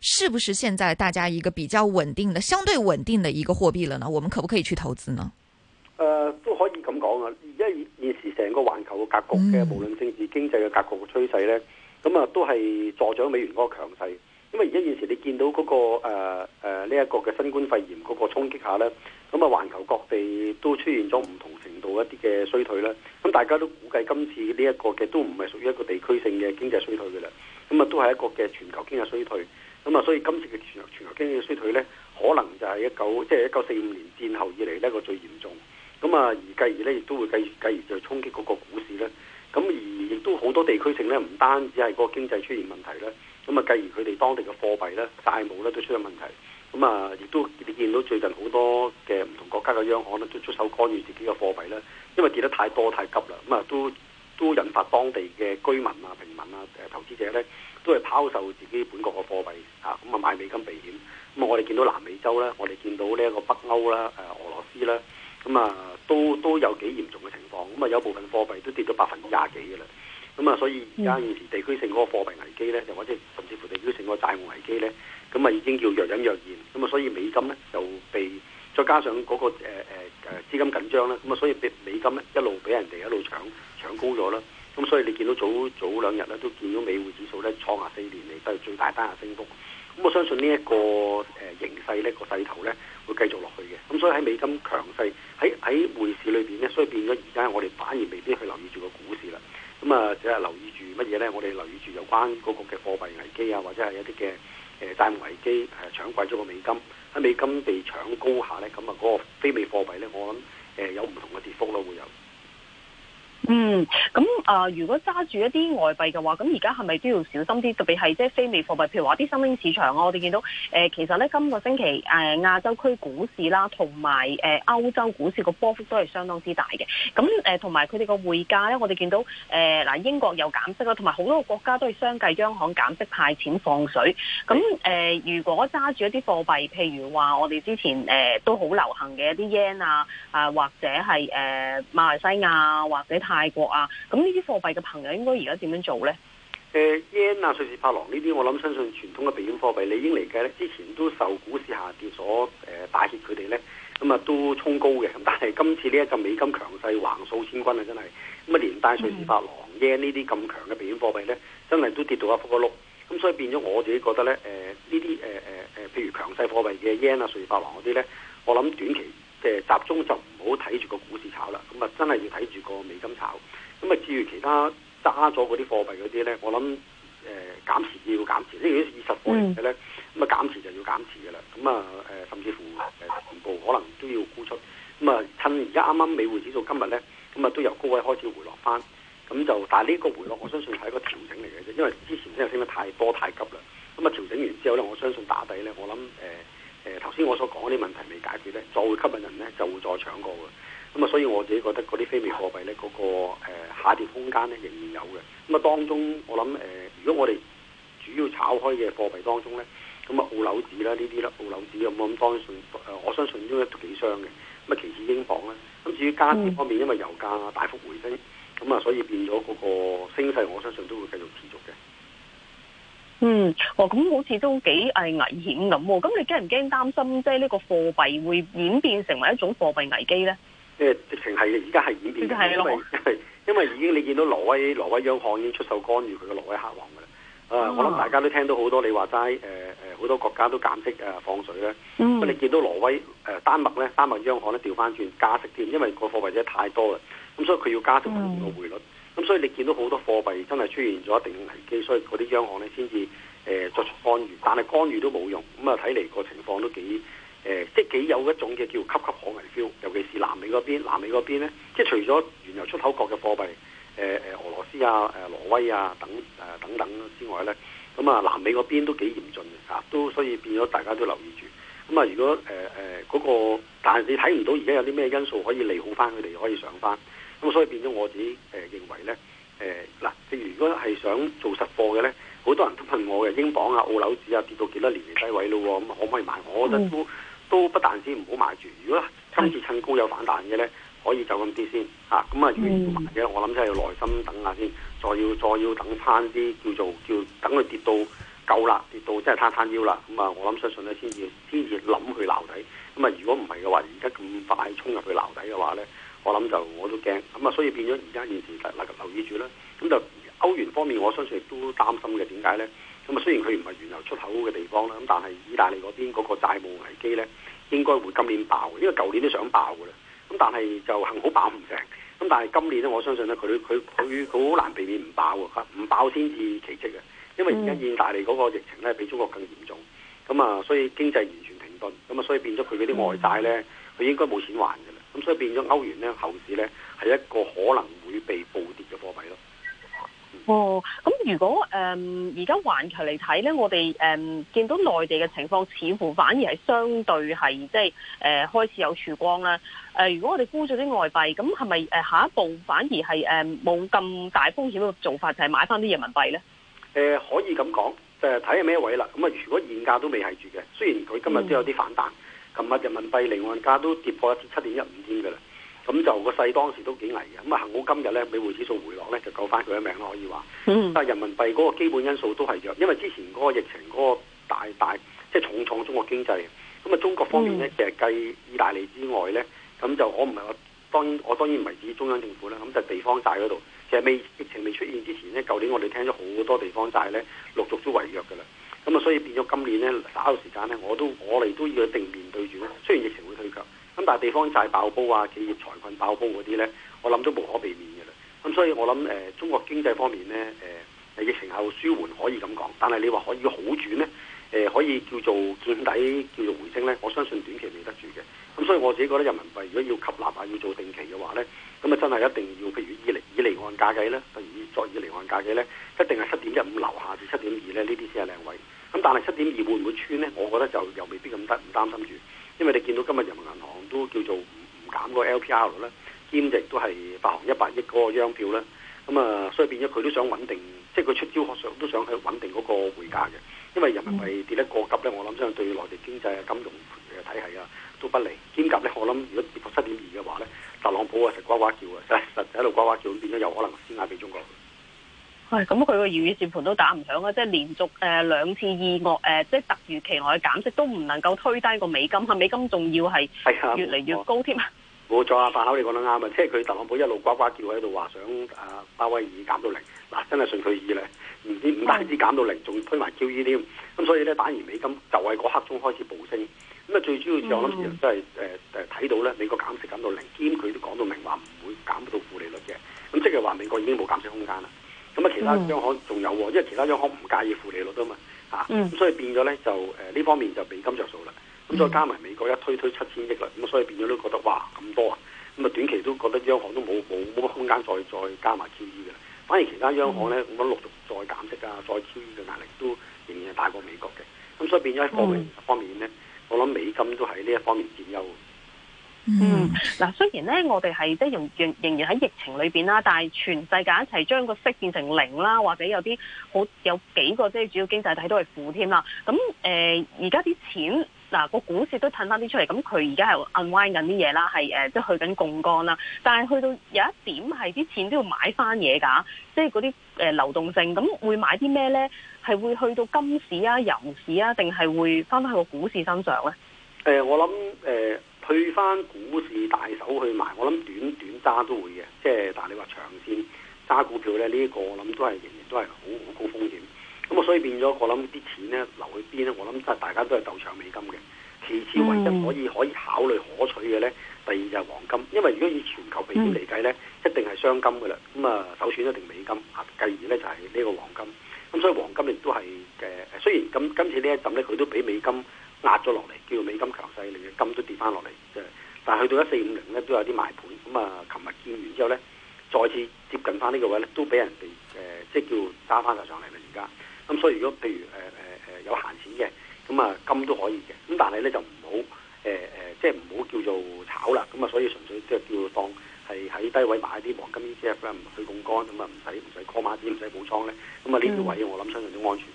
是不是現在大家一個比較穩定的、相對穩定的一個貨幣了呢？我們可不可以去投資呢？誒、呃，都可以咁講啊！而家現時成個環球嘅格局嘅，嗯、無論政治經濟嘅格局嘅趨勢咧，咁啊都係助長美元嗰個強勢。因為而家現時你見到嗰、那個誒誒呢一個嘅新冠肺炎嗰個衝擊下咧，咁啊環球各地都出現咗唔同程度一啲嘅衰退啦。咁大家都估計今次呢一個嘅都唔係屬於一個地區性嘅經濟衰退噶啦，咁啊都係一個嘅全球經濟衰退。咁啊、嗯，所以今次嘅全、全球經濟衰退咧，可能就係一九即係一九四五年戰後以嚟呢個最嚴重。咁、嗯、啊，而繼而咧亦都會繼而繼而就衝擊嗰個股市咧。咁、嗯、而亦都好多地區性咧，唔單止係個經濟出現問題咧，咁、嗯、啊繼而佢哋當地嘅貨幣咧、債務咧都出現問題。咁、嗯、啊，亦都你見到最近好多嘅唔同國家嘅央行咧都出手干預自己嘅貨幣咧，因為跌得太多太急啦。咁、嗯、啊，都都引發當地嘅居民啊、平民啊、誒投資者咧。都係拋售自己本國嘅貨幣，啊咁啊買美金避險。咁、啊、我哋見到南美洲咧，我哋見到呢一個北歐啦、誒、啊、俄羅斯啦，咁啊都都有幾嚴重嘅情況。咁啊有部分貨幣都跌到百分之廿幾嘅啦。咁啊所以而家現時地區性嗰個貨幣危機咧，又或者甚至乎地區性嘅債務危機咧，咁啊已經叫若隱若現。咁啊所以美金咧就被再加上嗰個誒誒誒資金緊張啦。咁啊所以美金一路俾人哋一路搶搶高咗啦。咁所以你見到早早兩日咧都見到美匯指數咧創下四年嚟都係最大單日升幅，咁我相信呢一個誒形勢呢個勢頭咧會繼續落去嘅。咁所以喺美金強勢喺喺匯市裏邊呢，所以變咗而家我哋反而未必去留意住個股市啦。咁啊，只係留意住乜嘢咧？我哋留意住有關嗰個嘅貨幣危機啊，或者係一啲嘅誒債務危機誒搶貴咗個美金，喺美金被搶高下咧，咁啊嗰個非美貨幣咧，我諗誒有唔同嘅跌幅咯，會有。嗯，咁。啊！如果揸住一啲外幣嘅話，咁而家係咪都要小心啲？特別係即係非美貨幣，譬如話啲新興市場啊，我哋見到誒、呃，其實咧今個星期誒、呃、亞洲區股市啦，同埋誒歐洲股市個波幅都係相當之大嘅。咁誒同埋佢哋個匯價咧，我哋見到誒嗱、呃、英國有減息啦，同埋好多個國家都係相繼央行減息派錢放水。咁誒、呃，如果揸住一啲貨幣，譬如話我哋之前誒、呃、都好流行嘅一啲 yen 啊啊，或者係誒、呃、馬來西亞或者泰國啊，咁呢？貨幣嘅朋友應該而家點樣做咧？誒 yen 啊，瑞士法郎呢啲，我諗相信傳統嘅避險貨幣，理應嚟計咧，之前都受股市下跌所誒打擊，佢哋咧咁啊都衝高嘅。咁但係今次呢一個美金強勢橫掃千軍啊，真係咁啊，嗯、連帶瑞士法郎、yen 呢啲咁強嘅避險貨幣咧，真係都跌到一仆個碌。咁、嗯、所以變咗，我自己覺得咧，誒呢啲誒誒誒，譬、呃呃、如強勢貨幣嘅 yen 啊、瑞士法郎嗰啲咧，我諗短期即係集中就唔好睇住個股市炒啦。咁啊，真係要睇住個美金炒。咁啊，至於其他揸咗嗰啲貨幣嗰啲咧，我諗誒、呃、減持要減持，因為啲二十貨幣嘅咧，咁、嗯、啊減持就要減持嘅啦。咁啊誒，甚至乎誒全部可能都要沽出。咁、嗯、啊，趁而家啱啱美匯指數今日咧，咁、嗯、啊都由高位開始回落翻。咁就，但係呢個回落，我相信係一個調整嚟嘅啫，因為之前真係升得太多太急啦。咁、嗯、啊調整完之後咧，我相信打底咧，我諗誒誒頭先我所講啲問題未解決咧，就會吸引人咧，就會再搶過㗎。咁啊，所以我自己覺得嗰啲非美貨幣咧，嗰、那個、呃、下跌空間咧仍然有嘅。咁啊，當中我諗誒、呃，如果我哋主要炒開嘅貨幣當中咧，咁啊，澳紐紙啦呢啲啦，澳紐紙咁，當然信誒，我相信都幾傷嘅。咁啊，其次英鎊啦，咁至於加息方面，嗯、因為油價啊大幅回升，咁啊，所以變咗嗰個升勢，我相信都會繼續持續嘅。嗯，哦，咁好似都幾誒危險咁。咁你驚唔驚擔心，即係呢個貨幣會演變成為一種貨幣危機咧？即係直情係，而家係演變，因為因為已經你見到挪威挪威央行已經出手干預佢嘅挪威克朗嘅啦。啊、呃，嗯、我諗大家都聽到好多你話齋誒誒，好、呃、多國家都減息啊放水咧。咁、嗯、你見到挪威誒、呃、丹麥咧，丹麥央行咧調翻轉加息添，因為個貨幣者太多嘅，咁所以佢要加息調個匯率。咁、嗯、所以你見到好多貨幣真係出現咗一定嘅危機，所以嗰啲央行咧先至誒作出干預，但係干預都冇用。咁啊，睇嚟個情況都幾～誒，即係幾有一種嘅叫岌岌可危 feel，尤其是南美嗰邊，南美嗰邊咧，即係除咗原油出口國嘅貨幣，誒誒，俄羅斯啊、誒挪威啊等誒等等之外呢，咁啊，南美嗰邊都幾嚴峻嘅，都所以變咗大家都留意住。咁啊，如果誒誒嗰個，但係你睇唔到而家有啲咩因素可以利好翻佢哋可以上翻，咁所以變咗我自己誒認為呢，誒嗱，譬如果係想做實貨嘅呢，好多人都問我嘅，英鎊啊、澳紐紙啊跌到幾多年年低位咯喎，咁可唔可以買？我覺得都。都不但止唔好埋住，如果今次趁高有反彈嘅咧，可以走咁啲先嚇。咁啊，如果唔埋嘅，我諗真係要耐心等下先，再要再要等翻啲叫做叫等佢跌到夠啦，跌到即係攤攤腰啦。咁啊，我諗相信咧，先至先至諗去撈底。咁啊，如果唔係嘅話，而家咁快衝入去撈底嘅話咧，我諗就我都驚。咁啊，所以變咗而家現時就留留意住啦。咁就。歐元方面，我相信亦都擔心嘅。點解呢？咁啊，雖然佢唔係原油出口嘅地方啦，咁但係意大利嗰邊嗰個債務危機呢，應該會今年爆。因為舊年都想爆㗎啦，咁但係就幸好爆唔成。咁但係今年呢，我相信呢，佢佢佢好難避免唔爆㗎。唔爆先至奇蹟嘅。因為而家意大利嗰個疫情呢，比中國更嚴重。咁啊，所以經濟完全停頓。咁啊，所以變咗佢嗰啲外債呢，佢應該冇錢還㗎啦。咁所以變咗歐元呢，後市呢，係一個可能會被報。哦，咁如果誒而家環球嚟睇咧，我哋誒、呃、見到內地嘅情況似乎反而係相對係即係誒、呃、開始有曙光啦。誒、呃，如果我哋沽咗啲外幣，咁係咪誒下一步反而係誒冇咁大風險嘅做法，就係、是、買翻啲人民幣咧？誒、呃，可以咁講，就係睇係咩位啦。咁啊，如果現價都未係住嘅，雖然佢今日都有啲反彈，琴日、嗯、人民幣離岸價都跌破一七點一五添嘅啦。咁就個勢當時都幾危嘅，咁啊幸好今日咧，美匯指數回落咧，就救翻佢嘅命咯，可以話。但係人民幣嗰個基本因素都係弱，因為之前嗰個疫情嗰個大大即係、就是、重創中國經濟。咁啊，中國方面咧，其實計意大利之外咧，咁就我唔係我當然我當然唔係指中央政府啦，咁就地方債嗰度，其實未疫情未出現之前咧，舊年我哋聽咗好多地方債咧陸續都違約嘅啦。咁啊，所以變咗今年咧，稍時間咧，我都我哋都要一定面對住咧，雖然疫情會退卻。咁但地方債爆煲啊，企業財困爆煲嗰啲呢，我諗都無可避免嘅啦。咁所以我諗誒、呃，中國經濟方面呢，誒、呃、疫情後舒緩可以咁講，但係你話可以好轉呢，誒、呃、可以叫做見底叫做回升呢，我相信短期未得住嘅。咁所以我自己覺得人民幣如果要吸納啊，要做定期嘅話呢，咁啊真係一定要譬如以離以離岸價計呢，譬如再以離岸價計呢，一定係七點一五樓下至七點二呢。呢啲先係靚位。咁但係七點二會唔會穿呢？我覺得就又未必咁得，唔擔心住。因為你見到今日人民銀行都叫做唔唔減嗰個 LPR 咧，兼嘅都係發行一百億嗰個央票啦。咁、嗯、啊，所以變咗佢都想穩定，即係佢出招想都想去穩定嗰個匯價嘅。因為人民幣跌得過急咧，我諗真係對內地經濟啊、金融嘅體系啊都不利。兼夾咧，我諗如果跌到七點二嘅話咧，特朗普啊食呱呱叫啊，實實係喺度呱呱叫，變咗有可能先嗌畀中國。咁佢個如意算盤都打唔響啊！即係連續誒、呃、兩次意外誒、呃，即係突如其來嘅減息都唔能夠推低個美金，係、啊、美金仲要係越嚟越高添。啊。冇錯啊，飯 口你講得啱啊！即係佢特朗普一路呱呱叫喺度話想誒、呃、鮑威爾減到零，嗱、啊、真係順佢意咧，唔知唔單止減到零，仲推埋 QE 添。咁的所以咧，反而美金就係嗰刻鐘開始暴升。咁啊最主要嘅、嗯、我諗其實真係睇到咧，美國減息減到零，兼佢都講到明話唔會減到負利率嘅。咁即係話美國已經冇減息空間啦。咁啊，其他央行仲有，啊，因為其他央行唔介意負利率啊嘛，啊，咁、嗯、所以變咗咧就誒呢、呃、方面就美金着數啦。咁、嗯、再加埋美國一推推七千億啦，咁、嗯、所以變咗都覺得哇咁多啊！咁、嗯、啊短期都覺得央行都冇冇乜空間再再加埋 QE 嘅，反而其他央行咧，我諗、嗯、陸續再減息啊，再 QE 嘅壓力都仍然係大過美國嘅。咁、嗯、所以變咗喺貨幣方面咧、嗯，我諗美金都喺呢一方面佔優。Mm hmm. 嗯嗱、啊，雖然咧，我哋係即係仍仍仍然喺疫情裏邊啦，但係全世界一齊將個息變成零啦，或者有啲好有幾個即係主要經濟體都係負添啦。咁、嗯、誒，而家啲錢嗱個、啊、股市都褪翻啲出嚟，咁佢而家係 unwind 緊啲嘢啦，係誒、呃、即係去緊槓桿啦。但係去到有一點係啲錢都要買翻嘢㗎，即係嗰啲誒流動性，咁、嗯、會買啲咩咧？係會去到金市啊、油市啊，定係會翻翻去個股市身上咧？誒、呃，我諗誒。呃去翻股市大手去賣，我諗短短揸都會嘅，即係但係你話長線揸股票咧，呢個我諗都係仍然都係好好高風險。咁啊，所以變咗我諗啲錢咧留去邊咧？我諗都係大家都係逗長美金嘅。其次唯一可以可以考慮可取嘅咧，第二就係黃金，因為如果以全球配置嚟計咧，一定係雙金噶啦。咁啊，首選一定美金，啊，繼而咧就係呢個黃金。咁所以黃金亦都係嘅。雖然咁今次呢一陣咧，佢都比美金。壓咗落嚟，叫美金強勢令到金都跌翻落嚟，即係，但係去到一四五零咧都有啲賣盤，咁、嗯、啊，琴日見完之後咧，再次接近翻呢個位咧，都俾人哋誒、呃、即係叫揸翻晒上嚟啦而家，咁、嗯、所以如果譬如誒誒誒有閒錢嘅，咁、嗯、啊金都可以嘅，咁但係咧就唔好誒誒，即係唔好叫做炒啦，咁、嗯、啊所以純粹即係叫做當係喺低位買啲黃金 ETF 啦，唔去槓桿，咁啊唔使唔使 call 碼子，唔使補倉咧，咁啊呢條位我諗相信都安全。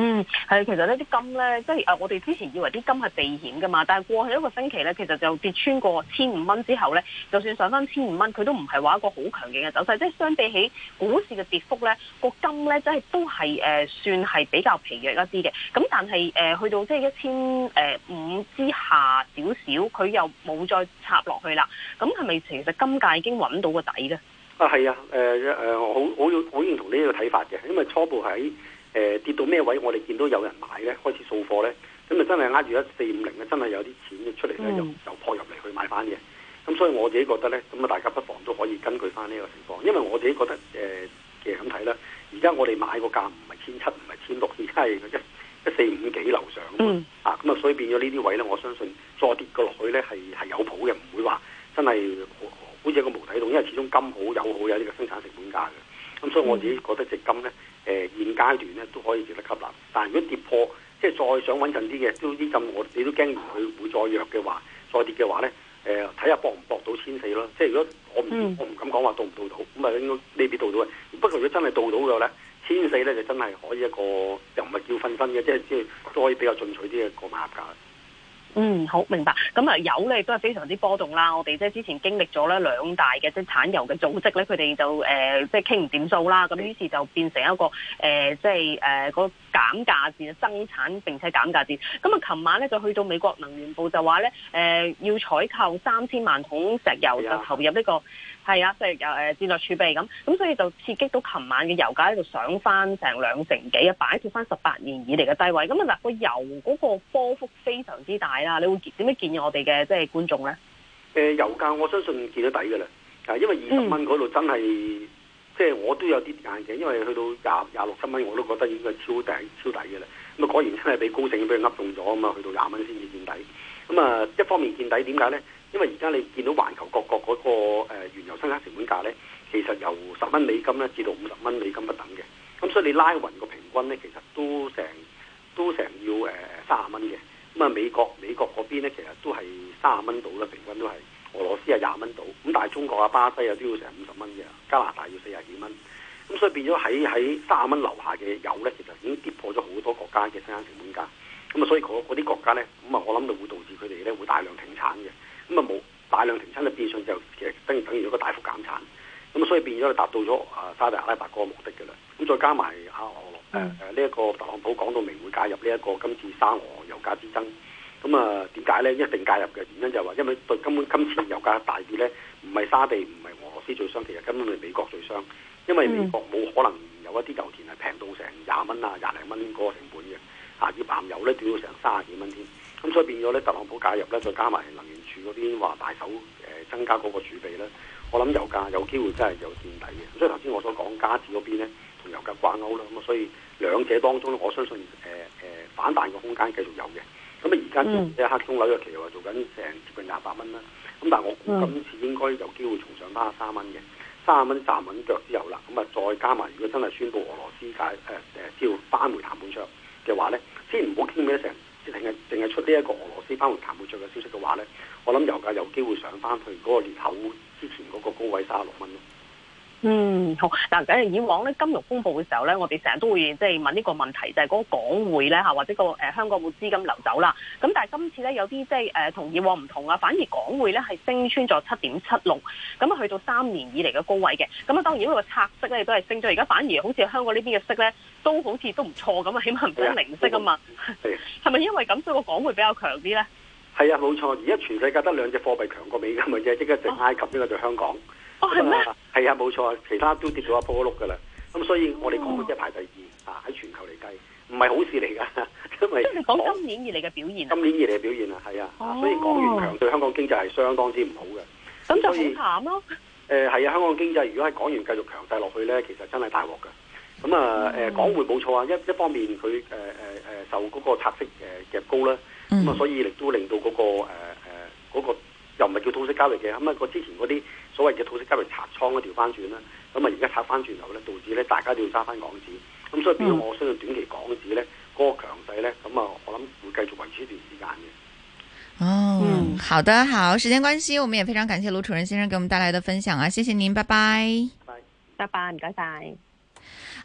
嗯，係，其實呢啲金咧，即係誒、啊，我哋之前以為啲金係避險噶嘛，但係過去一個星期咧，其實就跌穿過千五蚊之後咧，就算上返千五蚊，佢都唔係話一個好強勁嘅走勢，即係相比起股市嘅跌幅咧，個金咧真係都係誒、呃、算係比較疲弱一啲嘅。咁但係誒、呃、去到即係一千誒五之下少少，佢又冇再插落去啦。咁係咪其實金價已經揾到個底咧？啊，係啊，誒、呃、誒，我好好好認同呢個睇法嘅，因為初步喺。誒，跌到咩位？我哋見到有人買咧，開始掃貨咧，咁啊真係挨住一四五零咧，真係有啲錢出嚟咧，就又破入嚟去買翻嘅。咁、嗯、所以我自己覺得咧，咁啊大家不妨都可以根據翻呢個情況，因為我自己覺得，呃、其實咁睇啦。而家我哋買個價唔係千七，唔係千六，而家係一一四五幾樓上啊。咁啊，所以變咗呢啲位咧，我相信再跌個落去咧，係係有譜嘅，唔會話真係好似一個無底洞，因為始終金好有好有呢個生產成本價嘅。咁、嗯、所以我自己覺得值金呢，資金咧，誒現階段咧都可以值得吸納，但係如果跌破，即係再想穩陣啲嘅，都呢咁我哋都驚佢會再弱嘅話，再跌嘅話咧，誒睇下博唔博到千四咯。即係如果我唔、嗯、我唔敢講話到唔到到，咁啊應該未必到到嘅。不過如果真係到到嘅咧，千四咧就真係可以一個又唔係叫瞓身嘅，即係即係都可以比較進取啲嘅個碼價。嗯，好明白。咁啊，油咧亦都係非常之波動啦。我哋即係之前經歷咗咧兩大嘅即係產油嘅組織咧，佢哋就誒、呃、即係傾唔掂數啦，咁於是就變成一個誒、呃、即係誒個減價戰、增、呃、產並且減價戰。咁啊，琴晚咧就去到美國能源部就話咧誒要採購三千萬桶石油就投入呢、這個。係啊，即係誒戰略儲備咁，咁所以就刺激到琴晚嘅油價喺度上翻成兩成幾啊，擺脫翻十八年以嚟嘅低位。咁啊，嗱個油嗰個波幅非常之大啦。你會點樣建議我哋嘅即係觀眾咧？誒，油價我相信見到底噶啦，因為二十蚊嗰度真係，嗯、即係我都有啲跌眼鏡，因為去到廿廿六七蚊我都覺得已經係超低、超低嘅啦。咁啊，果然真係俾高盛俾佢呃中咗啊嘛，去到廿蚊先至見底。咁啊，一方面見底，點解咧？因為而家你見到環球各國嗰個原油生產成本價呢，其實由十蚊美金呢至到五十蚊美金不等嘅，咁所以你拉勻個平均呢，其實都成都成要三十蚊嘅。咁啊美國美國嗰邊咧，其實都係三十蚊到啦，平均都係。俄羅斯啊廿蚊到，咁但係中國啊巴西啊都要成五十蚊嘅，加拿大要四廿幾蚊。咁所以變咗喺喺三十蚊樓下嘅油呢，其實已經跌破咗好多國家嘅生產成本價。咁啊所以嗰啲國家呢，咁啊我諗就會導致佢哋呢會大量停產嘅。咁啊冇大量停產嘅，變相就其實等於等於一個大幅減產，咁所以變咗就達到咗啊沙特阿拉伯嗰個目的嘅啦。咁再加埋啊俄羅斯誒呢一個特朗普講到明會介入呢一個今次沙俄油價之爭，咁啊點解咧一定介入嘅原因就係話因為根本今次油價大跌咧，唔係沙地唔係俄羅斯最傷，其實根本係美國最傷，因為美國冇可能有一啲油田係平到成廿蚊啊、廿零蚊嗰個成本嘅，頁岩油咧跌到成三十幾蚊添。咁所以變咗咧，特朗普介入咧，再加埋能源署嗰邊話大手誒增加嗰個儲備咧，我諗油價有機會真係有見底嘅。咁所以頭先我所講加注嗰邊咧同油價掛鈎啦，咁啊所以兩者當中咧，我相信誒誒、呃、反彈嘅空間繼續有嘅。咁啊而家即係黑松柳嘅期話做緊成接近廿八蚊啦，咁但係我估今次應該有機會重上翻三蚊嘅，三十蚊站穩腳之後啦，咁啊再加埋如果真係宣布俄羅斯解誒誒招翻回談判桌嘅話咧，先唔好傾咩成。淨係淨係出呢一個俄羅斯翻回談判著嘅消息嘅話咧，我諗油價有機會上翻去嗰個裂口之前嗰個高位三十六蚊咯。嗯，好嗱，梗係以往咧金融風暴嘅時候咧，我哋成日都會即係問呢個問題，就係、是、嗰個港匯咧嚇，或者、那個誒、呃、香港會資金流走啦。咁但係今次咧有啲即係誒同以往唔同啊，反而港匯咧係升穿咗七點七六，咁啊去到三年以嚟嘅高位嘅。咁、嗯、啊當然個呢個拆息咧都係升咗，而家反而好似香港邊呢邊嘅息咧都好似都唔錯咁啊，起碼唔使零息啊嘛。係咪因為咁所以個港匯比較強啲咧？係啊，冇錯，而家全世界得兩隻貨幣強過美金嘅啫，一個就埃及，一個就香港。啊。哦係啊，冇錯，其他都跌咗一鋪碌噶啦。咁、 嗯、所以，我哋港匯即係排第二啊，喺全球嚟計，唔係好事嚟噶，因為講今年以嚟嘅表現，今年以嚟嘅表現啊，係啊、哦。所以港元強對香港經濟係相當之唔好嘅。咁、嗯、以就好慘咯。誒，係啊，香港經濟如果喺港元繼續強勢落去咧，其實真係大鑊噶。咁、嗯、啊，誒、嗯，港匯冇錯啊。一一方面佢誒誒誒受嗰個拆息誒夾高啦，咁啊，所以亦都令到嗰個誒誒個。又唔係叫套息交易嘅。咁啊，個之前嗰啲所謂嘅套息交易拆倉都掉翻轉啦，咁啊而家拆翻轉頭咧，導致咧大家都要揸翻港紙，咁所以變咗我相信短期港紙咧，嗰個強勢咧，咁啊我諗會繼續維持一段時間嘅。哦，好的，好，時間關係，我們也非常感謝盧楚仁先生給我們帶來的分享啊！謝謝您，拜拜，拜拜，唔該晒。